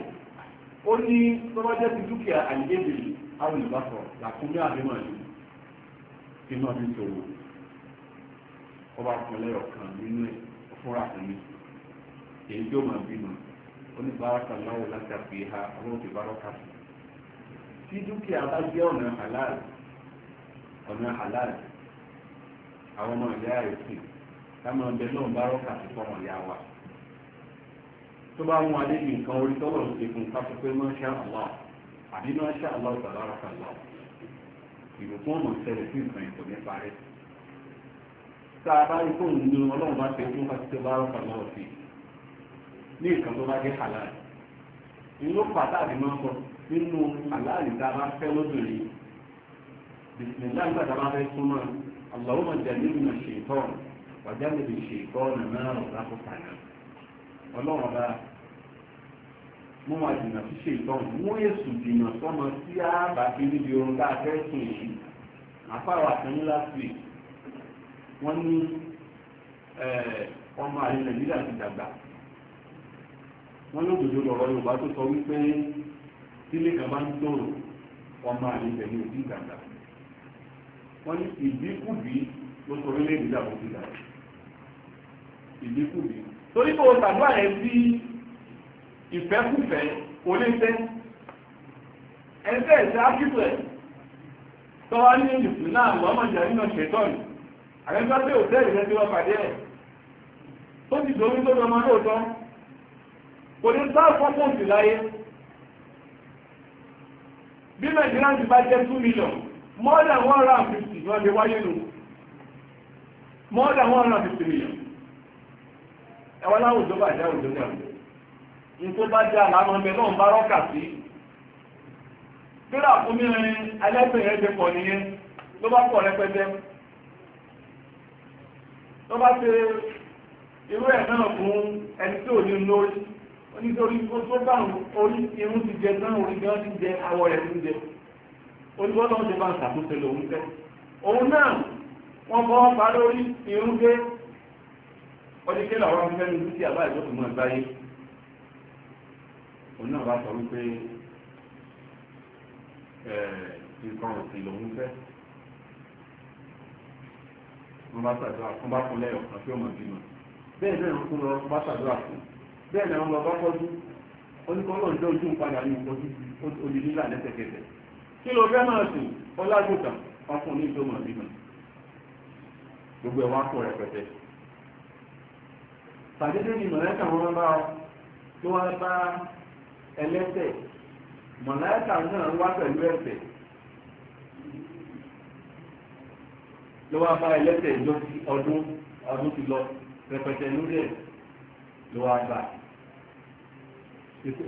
ó ní tọ́lọ́jẹ́ ti dúkìá àìdébìlì àwọn ìbáfọ̀ làkúnmí àdémọ̀ yìí inú ọdún tó wù ọba pẹ̀lẹ́ ọ̀kan nínú ẹ̀ fúnra fún mi èyí tó máa bímọ oníbàárà náwó láti àfi ha àwọn òbí bá rọ́ọ̀kà sí tí dúkìá bá jẹ́ ọ̀nà halal ọ̀nà halal àwọn ọmọ ìyá rẹ̀ sì káwọn ọmọ ẹgbẹ́ lọ́n bá rọ́ọ̀kà sí fọmọ ìyá wa tó bá mú adé bí nǹkan orí tọ́lọ̀ ń sekun káfí pé masha Allah àbí masha Allah tabaraka Allah ìròkún ọ̀nà ìṣẹ̀lẹ̀ sí nǹkan ìtò ní parí tá a bá rí fóun ní ọlọ́run bá ṣe fún káfí tabaraka Allah sí ní nǹkan tó bá jẹ́ halal inú pàtàkì máa ń sọ nínú halal tá a bá fẹ́ lóbìnrin bìsìnlá nígbà tá a bá fẹ́ súnmọ́ اللهم جنبنا الشيطان وجنب الشيطان ما رزقتنا ọlọ́run ọba mú wa jìnnà sí ṣètọ́n mú èsù jìnnà sọ́mọ tí a bá fi níbi orun tá a fẹ́ sùn yìí àfàwà kan ní last week ní ọmọ àyè nàìjíríà ti dàgbà wọ́n ní òdòdó lọ́rọ́ yorùbá tó sọ wípé tílé kan bá ń tòrò ọmọ àyè pẹ̀lú òbí dàgbà wọ́n ní ìdínkùbí ló sọ orílẹ̀-èdè ìjàpọ̀ ti dà ìdínkùbí torí pé o ṣàdúrà rẹ sí ìfẹ́kùfẹ́ oníṣẹ́ ẹ̀ńtẹ́ ẹ̀ṣẹ́ ákítọ̀ ẹ̀ tọ́wá ní ìlú náà lọ́mọdé nínú ṣètọ́nù àrẹ́gbá pé òtẹ́ẹ̀lì rẹ ti wọ́n pàdé ẹ̀ tó ti dorí tó lọ́mọ lóòótọ́ kò ní sá fọ́pọ̀ sí láyé bí nàìjíríà ti bá jẹ́ 2 mílíọ̀nù more than 150 wọ́n lè wáyé nù more than 150 million ẹwà láwùjọ bá jẹ́ àwùjọ ní àwùjọ bá jẹ́ àlámọ́ ẹgbẹ́ náà bá sí kíra fún mi rin ẹlẹ́gbẹ̀ẹ́ ẹgbẹ́ pọ̀ nìyẹn ló bá pọ̀ rẹpẹtẹ ló bá ṣe irú ẹ̀ náà fún ẹni tí ò ní lórí onítorí ó tó bá orí irun ti jẹ náà orí gan awọ rẹ̀ ti jẹ olúbọ́lọ́ ti bá ṣàkóso lòun fẹ́ òun náà wọ́n bọ́ pa lórí irun gbé ọdíké làwọn ọmọ fẹ́nu títí àbá ìjọba mọ́ ìbáyé òun náà bá sọ wípé nǹkan ọ̀sìn lòun fẹ́ wọ́n bá ṣàdúrà fún bá fún lẹ́yọ̀ kan tí ó mọ̀ bímọ bẹ́ẹ̀ náà ń kún lọ bá ṣàdúrà fún bẹ́ẹ̀ náà lọ bá kọ́jú oníkọ́ lọ́nà ojú ń padà ní ìkọ́jú olùdílà lẹ́sẹ̀kẹsẹ̀ kí ló fẹ́ máa sìn ọlágùnkà ọkùn ní ìjọmọ̀ bímọ gbogbo ẹ̀wà kún rẹpẹtẹ pàdédé ni mọ̀lẹ́kà wọn bá tí wọ́n bá ẹlẹ́sẹ̀ mọ̀lẹ́kà náà wá pẹ̀lú ẹ̀sẹ̀ ló wá bá ẹlẹ́sẹ̀ ìjọ sí ọdún ọdún ti lọ rẹpẹtẹ lórí ẹ̀ ló wá bá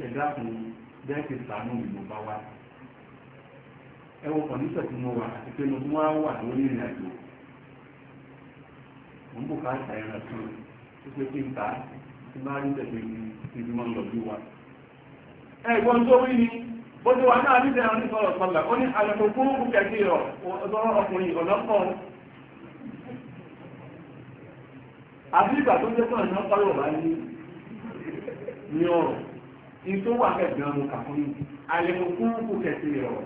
ẹ̀dá fún bẹ́ẹ̀ ti ìmọ̀ bá wá sí. ẹwọ kọ tí mo wà àti pé mo wá wà lórí ìrìn àjò mo ń bò ká tó tí bá rí tẹ̀lé ní ibi máa ń lọ bí wa. ẹ̀gbọ́n tó wí ni bó ti wà náà ní ní sọ̀rọ̀ sọ̀lá ó ní àlọ́kọ̀ kúrúkú kẹ̀kẹ́ ọ̀dọ́rọ̀ ọkùnrin àbí ìgbà tó jẹ́ náà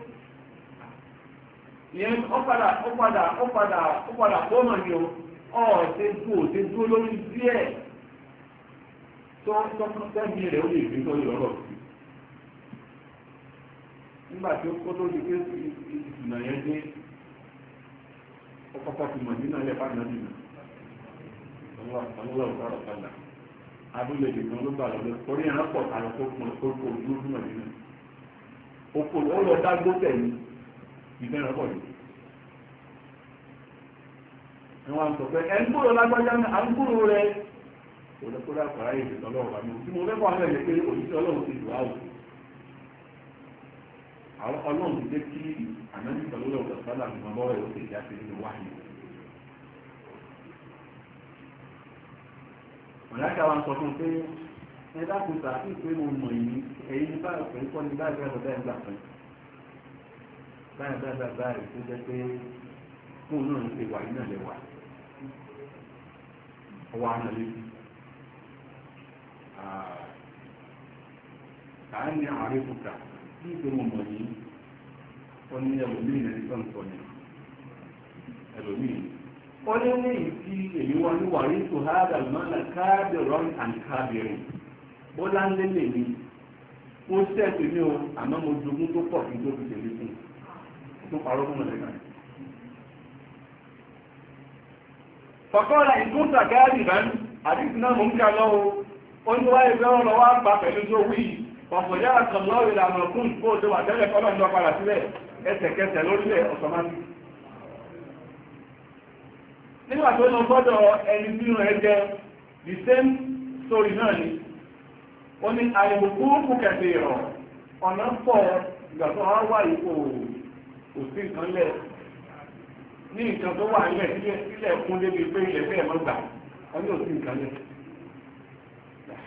ìyẹn ọ̀padà ọ̀padà ọ̀padà ọ̀padà fọ́ọ̀mà ni ṣe ṣe lórí tó rẹ̀ ó lè fi sí nígbà tí ó kó tó di pé ìsìnà yẹn dé mọ̀ nínú ọ̀rọ̀ padà abúlé ló gbà lọ́dọ̀ pọ̀ tààrà ìfẹ́ràn pọ̀ jù wọ́n ń sọ pé ẹ ń gbúrò lágbájá ní àgbúrò rẹ̀ olókòrò àpàrà yìí ìdìtọ́ lọ́wọ́ àmì tí mo lẹ́kọ̀ọ́ àwọn ẹ̀yẹ pé òjíṣẹ́ ọlọ́run ti dùn áwò àwọn ọlọ́run ti jẹ́ kí ànájú pẹ̀lú ọ̀rọ̀ sọ́dà ní ọmọ rẹ̀ ó ti jẹ́ àti nínú wáyé ọ̀làkà wa ń sọ fún pé ẹ dákun tàbí pé mo mọ̀ yìí ẹ̀yin bá ẹ̀kọ́ ní bá báyìí báyìí báyìí tó jẹ́ pé fóun náà ti wà iná lè wà ọwọ́ àná lébi àá ní àrífùkà ní ìgbéwọ̀n mọ̀ yìí ó ní ẹlòmíì ẹni tó ń sọ ẹlòmíì ó ní ní ìtì èyí wọn ní wàrí tó hádà mọ́nà káàbìrán and káàbìrín ó láńlé lèmi ó sẹ́ẹ̀tì ní o àmọ́ mo jogún tó pọ̀ kí n tó fi tèmi fún un. tó parọ́ fún mọ̀lẹ́kà fọ́kọ́lá ìkúntà gáàrì rán àdíkù náà mú ń ká lọ́wọ́ ó ní wáyé fẹ́ ọ̀rọ̀ wá pa pẹ̀lú tó wí ọ̀pọ̀já àtọ̀lọ́ ìlànà fún kó tó wà tẹ́lẹ̀ kọ́lọ̀ ń lọ́pàá sílẹ̀ ẹsẹ̀kẹsẹ̀ lórílẹ̀ ọ̀tọ̀mátì nígbà tó lọ gbọ́dọ̀ ẹni ni kò sí nǹkan lẹ̀ ní nǹkan tó wà nílẹ̀ sílẹ̀ sílẹ̀ kún débi pé ilẹ̀ bẹ́ẹ̀ mọ́ gbà wọ́n yóò sí nǹkan lẹ̀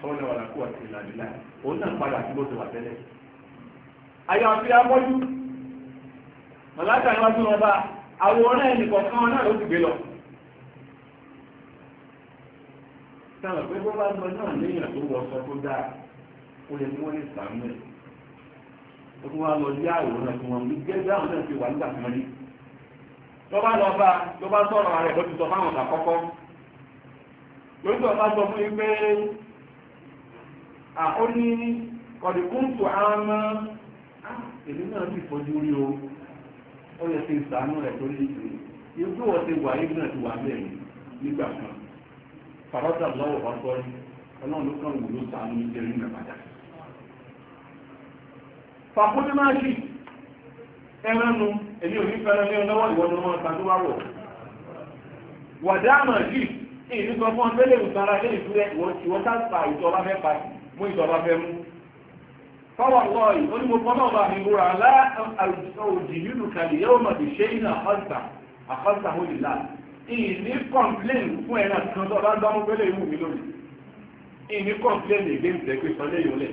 lọ́wọ́lẹ́ wà lákùú àti ìlànà òun náà padà sí bó ti wà tẹ́lẹ̀ àyà àti amọ́jú màláta níwájú wọn bá àwòrán ẹnìkọ̀ọ̀kan wọn náà ló ti gbé lọ sáwọn pé bó bá lọ náà léèyàn tó sọ tó dáa ó lè mú wọn lè sàmúlẹ̀ ó tún wá lọ yá àwòrán tí wọ́n lè jẹ́ dáhùn náà ti wà nígbà tí wọ́n rí tó bá lọ bá tó bá sọ̀rọ̀ rẹ̀ ló ti sọ fáwọn àkọ́kọ́ lórí tó bá sọ fún yín pé àkóní kọ̀dìkúntù àmọ́ èmi náà ti fojú rí o ó yẹ kí n sàánú rẹ̀ tó ní ìgbìmọ̀ ibú wọ́n ti wà yín náà ti wà bẹ́ẹ̀ nígbà kan fàrọ́tà lọ́wọ́ bá sọ ọlọ́run ló kàn wò ló sàánú ìjẹrin náà padà sí fàkúndé máa ṣì ẹrannu èmi ò ní fẹ́ràn ní ọlọ́wọ́ ìwọ́n ni wọ́n tàbí wà wọ̀ wàdá àmà ṣì èyí sọ fún abẹ́lẹ̀ ìtara ilé ìfúrẹ́ ìwọ́n tá pa ìjọba fẹ́ pa mú ìjọba fẹ́ mú fọwọ́ lọ yìí ó ní mo fọ́nà ọba mi wúra alá òjì nínú kàlí yẹ́wò mà ti ṣe iná àkọ́sà àkọ́sà ó lè láà ìní kọ̀m̀plẹ̀n fún ẹ̀rọ kan tó bá gbámú pẹ́lẹ̀ ìwù mi lónìí ìní kọ̀m̀plẹ̀n ìgbé ìtẹ́gbẹ́ sọlẹ̀ yòólẹ̀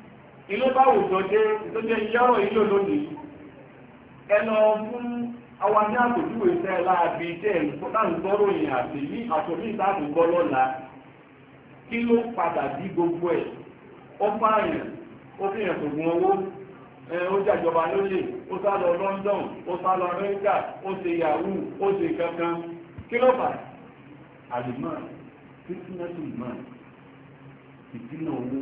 ilé bá wùjọ dé tó jẹ́ yọ́rọ̀ ilé lónìí ẹnà fún àwọn ní àpòjúwe tẹ́ láàbí tẹ́ ìfọ́tàǹtọ́rò yìí àti ní àtòmí ìdáàbòbọ́ lọ́la kí ló padà bí gbogbo ẹ̀ ó fààyàn ó fi hàn tògùn owó ó jàjọba lóye ó sá lọ London ó sá lọ Amẹ́ríkà ó ṣe yahoo ó ṣe kankan kí ló fà àlùmọ́ fífúnẹ́tì mọ́ ìdínà owó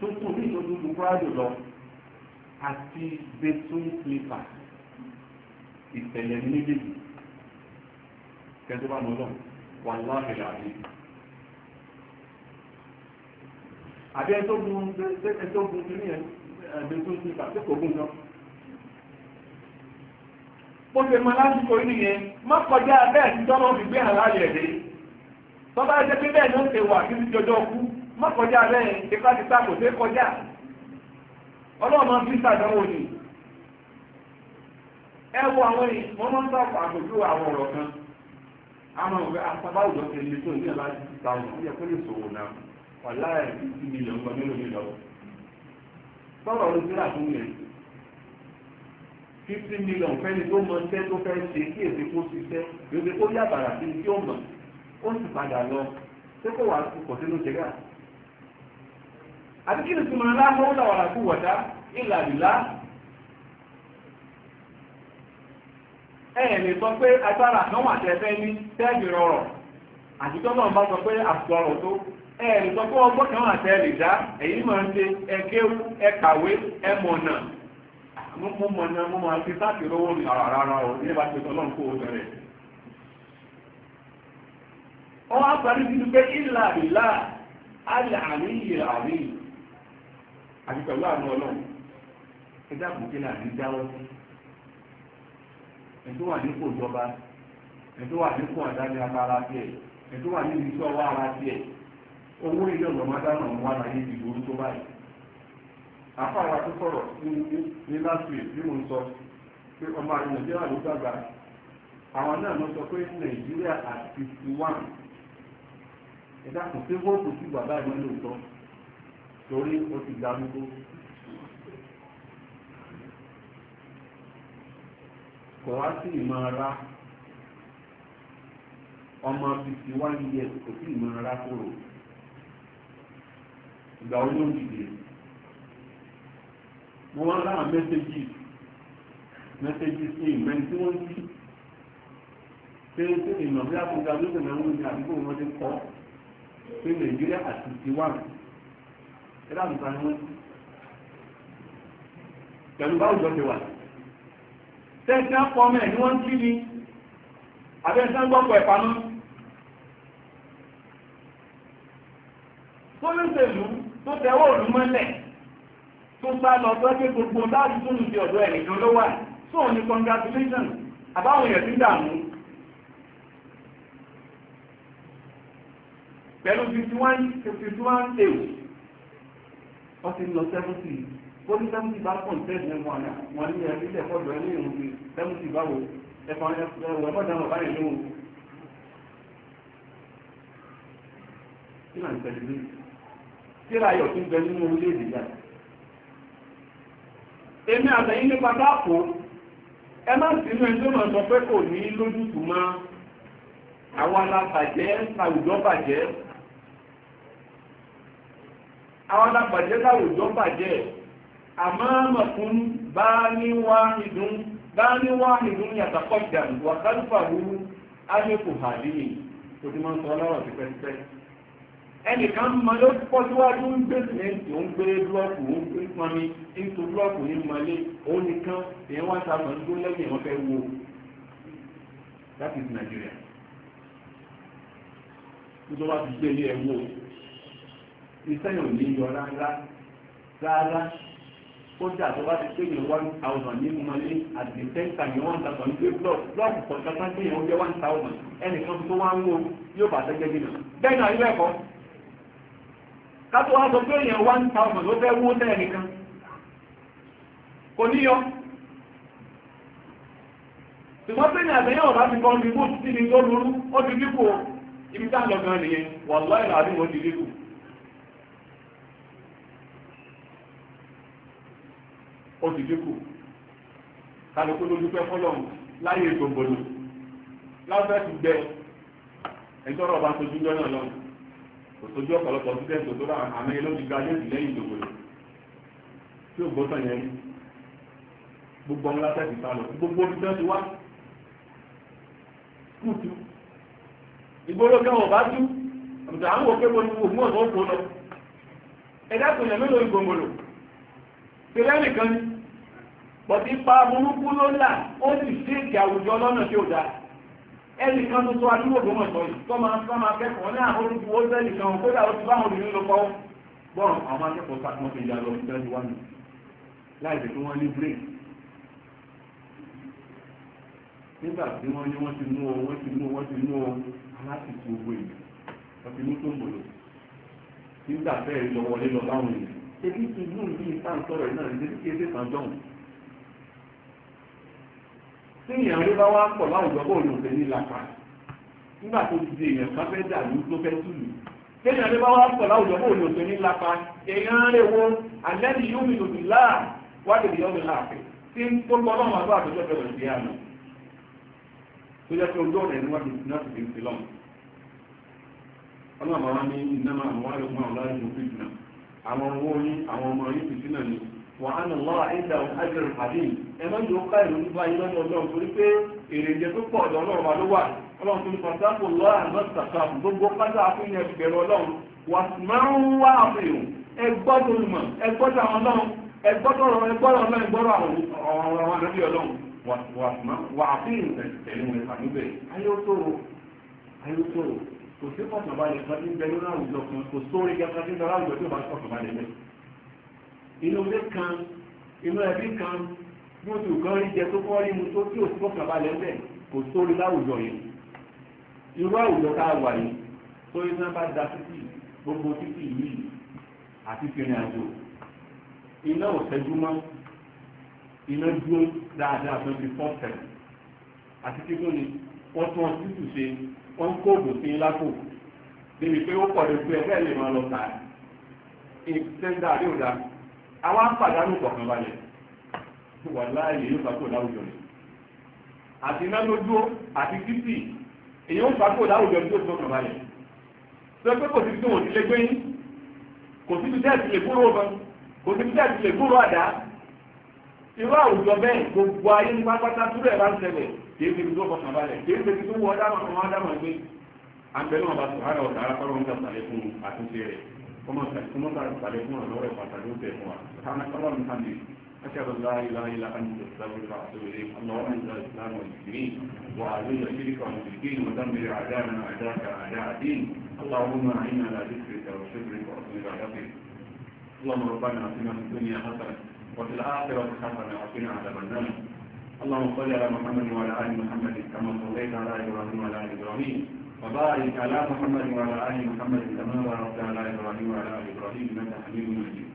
tó kù ní ìtọ́jú ju prado lọ àti betun clipper ìtẹ̀lẹ̀ méjèèjì kẹ́tọ́ bá lọ́lọ́ wà láàrin àbí. àbí ẹjọ́ gun ẹjọ́ gun kìíní ẹ̀ betun clipper tí kò gùn lọ. bó ṣe máa lásìkò yìí nìyẹn má kọjá bẹ́ẹ̀ tí tọ́lọ́ fi gbé àlàyé rẹ̀ tọ́ba ẹ̀jẹ̀ pé bẹ́ẹ̀ ló ń ṣe wà kí ní jọjọ́ kú ma kọjá bẹ́ẹ̀ tipátipá kò sí kọjá ọlọ́ọ̀mọ fi sàdánwò ni ẹ wo àwọn yìí wọ́n máa ń sọ̀kọ̀ àpòjú àwọn ọ̀rọ̀ kan àmọ́ ìwé asábáwùjọ ti lè tó ní ọ̀la ti ta ọ̀nà ìyẹ kó lè sòwò náà ọ̀la ẹ̀ ti mi lọ́wọ́ mélòó mi lọ́wọ́ sọ̀rọ̀ ló sílà fún yẹn fifty million fẹ́ni tó mọ iṣẹ́ tó fẹ́ ṣe kí èsì kó ṣiṣẹ́ èsì kó yàbàrà àti kí ni túnmọ̀ aláhọ́ làwàrà kú wọ̀dá lè sọ pé agbára àdánwò àtẹ́fẹ́ ní tẹ́ẹ̀gì rọrọ̀ àti tọ́nà bá sọ pé àpò tó ẹ̀yẹ̀ lè sọ pé kan lè dá èyí máa ń ṣe ẹgéwu ẹkàwé mo máa fi sáàkì ní ọ wá parí pé ìlà ìlà àti pẹ̀lú àánú ọlọ́run ẹ dákun kí láàrin dáwọ́ sí ẹ wà nípò ìjọba ẹ wà nípò àdáni abara tiẹ̀ ẹ tó wà níbi iṣẹ́ ọwọ́ ara owó ilé wà láyé tó báyìí tó sọ̀rọ̀ ní last week bí mo ń sọ pé ọmọ nàìjíríà ló dàgbà àwọn náà sọ pé nàìjíríà torí o ti darúgbó. kò wá sí ìmọ̀ ara ọmọ fifty one years kò sí ìmọ̀ ara kúrò ìgbà olóńgbìdè mo wá láwọn mẹ́sẹ̀gì mẹ́sẹ̀gì sí ìmọ̀ tí wọ́n ti ṣe ṣe ìmọ̀ bí àkójọ àdúgbò náà wọ́n ti àdúgbò wọn ti kọ́ pé nàìjíríà àti tiwọn ẹ̀dá àmùta ni wọ́n pẹ̀lú báwùjọ ti wà tẹ́ẹ̀tẹ́ pọ́mẹ̀ ni wọ́n kí ni àbẹ́sán gbọ́pọ̀ ẹ̀pamọ́ tó ló tẹ̀lú tó tẹ̀wọ́ òlú mọ́lẹ̀ tó sá lọ tó ẹ́kẹ́ gbogbo láti tún ní ọ̀dọ̀ ẹ̀nìkan ló wà tó ní congratulations àbáwọn èèyàn ti ń dààmú pẹ̀lú 51 51 days wọ́n ti lọ sẹ́fúntì ó ní sẹ́fúntì bá pọ̀ tẹ́ẹ̀dì ẹ̀mú àná wọn ní ẹ̀rí ilẹ̀ fọ́dọ̀ ẹ̀ ní ìrùn ti sẹ́fúntì báwo ẹ̀fọn ẹ̀wọ̀ ẹ̀fọ́dà wọn báyìí lóhùn. kí là ń tẹ̀lé lé kí là yọ̀ kí ń bẹ nínú orílẹ̀-èdè yá. èmi àtẹ̀yìn nípa dáàpò ẹ má sínú ẹni tó mọ̀ sọ pé kò ní lójútùú mọ́ àwọn alábàjẹ́ àwùjọ àwọn alábàjẹ́ láwùjọ bàjẹ́ àmọ́ mọ̀kún bá ní wá ìdún bá ní wá ìdún yàtọ̀ kọjá wà kálífà tó ti máa ń sọ ọlọ́rọ̀ ti pẹ́ẹ́pẹ́ ẹnìkan mọ ló síwájú ń gbé ó ń gbé ní mọ́lé òun nìkan èèyàn wá ń wo that Nigeria ti gbé iṣẹ́ yóò ní yọ rárá rárá kódà tó bá ti pé one thousand ní mọ́lẹ́ àti ten times one thousand ní pé block kọ̀ọ̀kan kan pé one thousand ẹnìkan tó wá ń wo yóò bá tẹ́jẹ́ dínà bẹ́ẹ̀ náà ilé ẹ̀kọ́ kátó wá sọ pé one thousand ló fẹ́ wó lẹ́ẹ̀nìkan kò níyọ ṣùgbọ́n pé ní ti kọ́ ní mú ó ti ibi tá lọ gan ó ti dínkù kálukú ló dúpẹ́ fọlọ́run láyé gbogbono lábẹ́ ti gbẹ ẹjọ́ rọ̀ bá sojú jọ́ náà lọ́run kò sojú ọ̀pọ̀lọpọ̀ síbẹ̀ tó tó rà àmì ló ti ga lẹ́yìn lẹ́yìn gbogbono tí ò gbọ́sàn yẹn gbogbo ọmọ lásẹ̀ ti sálọ gbogbo omi tó ti wá kùtù ìgboro kẹwọn bá tú àbùtà àwọn òkè wọn ni ògùn ọ̀sán ó kó lọ ẹ̀dá tó yẹ mélòó ìgbòmòlò tẹlẹ́ nìkan ni bọ̀dí pa burúkú ló là ó sì ṣèkì àwùjọ lọ́nà tí ó dáa ẹnì kan tó tó adúgbò tó mọ̀ sọ́yìn tó máa tó máa kẹ́kọ̀ọ́ ní àwọn olùkú ó sẹ́lì kan kódà ó ti báwọn obìnrin lọ pọ́ bọ́ọ̀n àwọn akẹ́kọ̀ọ́ sá wọn fi ìyá lọ sí twenty one láì jẹ́ kí wọ́n ní break nígbà tí wọ́n ní wọ́n ti mú o wọ́n ti mú o wọ́n ti mú o aláti tu owó èyí wọ́n ti mú tó ń bòlò nígbà bẹ́ẹ̀ lọ wọlé lọ báwọn èyí ṣe kí ti mú ní ìtàn sọ̀rọ̀ náà ṣe kí ẹsẹ̀ kan dọ̀hùn tí èèyàn ló bá wá pọ̀ láwùjọ bó ló fẹ́ ní làpá nígbà tó ti di èèyàn kan fẹ́ dàlú tó fẹ́ túlù tí èèyàn ló bá wá pọ̀ láwùjọ bó ló fẹ́ ní làpá èèyàn rẹ̀ wo àlẹ́ni yóò mi lòdì láà wá lè yọ́ mi láàfẹ́ tí ń tó gbọ́ lọ́wọ́ àbá àtọ́jọ́ bẹ̀rẹ̀ sí àná tó jẹ́ pé ojú ọ̀rẹ́ ni wọ́n ti fi náà fi fi lọ́mù ọlọ́mọ wa ní ìnáma àwọn ọmọ ọlọ́run fìtìnà àwọn owó yín àwọn ọmọ yín fìtìnà ni wàhán lọ́wọ́ àìsàn àjẹrò pàdé ẹ má yóò ká ìròyìn bá yín lọ́dọ̀ ọlọ́run torí pé èrèjẹ tó pọ̀ ọ̀dọ̀ ọlọ́run wa ló wà ọlọ́run tó ní pàtàkì lọ́wọ́ àná sàkàbù gbogbo pátá àfihàn ẹgbẹ̀rún ọlọ́run wà máa ń wá àfihàn ẹ gbọ́dọ̀ olùmọ̀ ẹ gbọ́dọ̀ ọlọ́run ẹ gbọ́dọ̀ ọ̀rọ̀ ẹ gbọ́dọ̀ ọlọ́run gbọ́dọ̀ àwọn ọ̀rọ̀ ọlọ́run wà àfihàn tẹ̀lé wọn ìpàdúbẹ̀ ayé ó tóró ayé ó tóró kò sí pọ̀tàbálẹ̀ kan tí ń bẹ lórí àwùjọ inú ilé kan inú ẹbí kan bóòtù kan rí jẹ tó kọ́ rí mu tó tí ò sí fọ́kàn balẹ̀ ń bẹ̀ kò sórí láwùjọ yìí irú àwùjọ tá a wà yìí tó yẹ sábà da títì gbogbo títì yìí àti fìrìn àjò iná ò tẹ́jú mọ́ iná dúró dáadáa tó ti fọ́ tẹ̀lé àti tí tó ni wọ́n tún ọtí tù ṣe wọ́n kó oògùn sí lápò débi pé ó pọ̀ lè pé ẹgbẹ́ lè máa lọ tà ní sẹ́ńdà àdéhùdá àwọn apàdánù kọ̀ọ̀kan balẹ̀ wà láàyè yóò fàkó láwùjọ rẹ̀ àti iná lójú àti títì èyí ó fàkó láwùjọ tó tó kàn balẹ̀ tó pé kò sí tí wọn ò ti lè gbé yín kò sí tí tí lè gbúrò ọmọ kò sí tí tí lè gbúrò àdá irú àwùjọ bẹ́ẹ̀ gbogbo ayé ní pátápátá túbọ̀ ẹ̀ bá ń ṣẹlẹ̀ kì í ṣe tó kọ̀ọ̀kan balẹ̀ kì í ṣe tó wọ ọ̀dà àwọn ọ̀dà wọn gbé àgbẹ̀lẹ̀ wọn bá sọ̀rọ̀ àwọn ọ̀dà arákọ́rọ̀ ń gbà sàlẹ̀ fún àtúnṣe rẹ̀ kuma ta tsare kuma da wani fasari da kuma subhanak allahumma hamdi أشهد أن لا إله إلا أنت أستغفرك وأتوب إليك اللهم أنت الإسلام والمسلمين وأعز الشرك والمشركين ودمر أعداءنا أعداءك أعداء الدين اللهم أعنا على ذكرك وشكرك وحسن عبادتك اللهم ربنا آتنا في الدنيا حسنة وفي الآخرة حسنة وقنا عذاب النار اللهم صل على محمد وعلى آل محمد كما صليت على إبراهيم وعلى آل إبراهيم وبارك على محمد وعلى آل محمد كما باركت على إبراهيم وعلى آل إبراهيم إنك حميد مجيد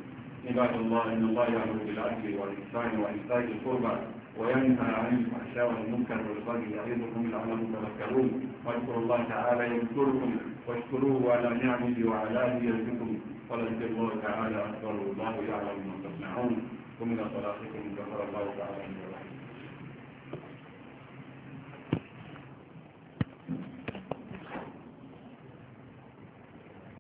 عباد الله إن الله يأمر بالعدل والإحسان وإيتاء القربى وينهى عن الفحشاء والمنكر والبغي يعظكم لعلكم تذكرون واذكروا الله تعالى يذكركم واشكروه على نعمه آله يزدكم ولذكر الله تعالى أكبر والله يعلم ما تصنعون ومن صلاتكم كفر الله تعالى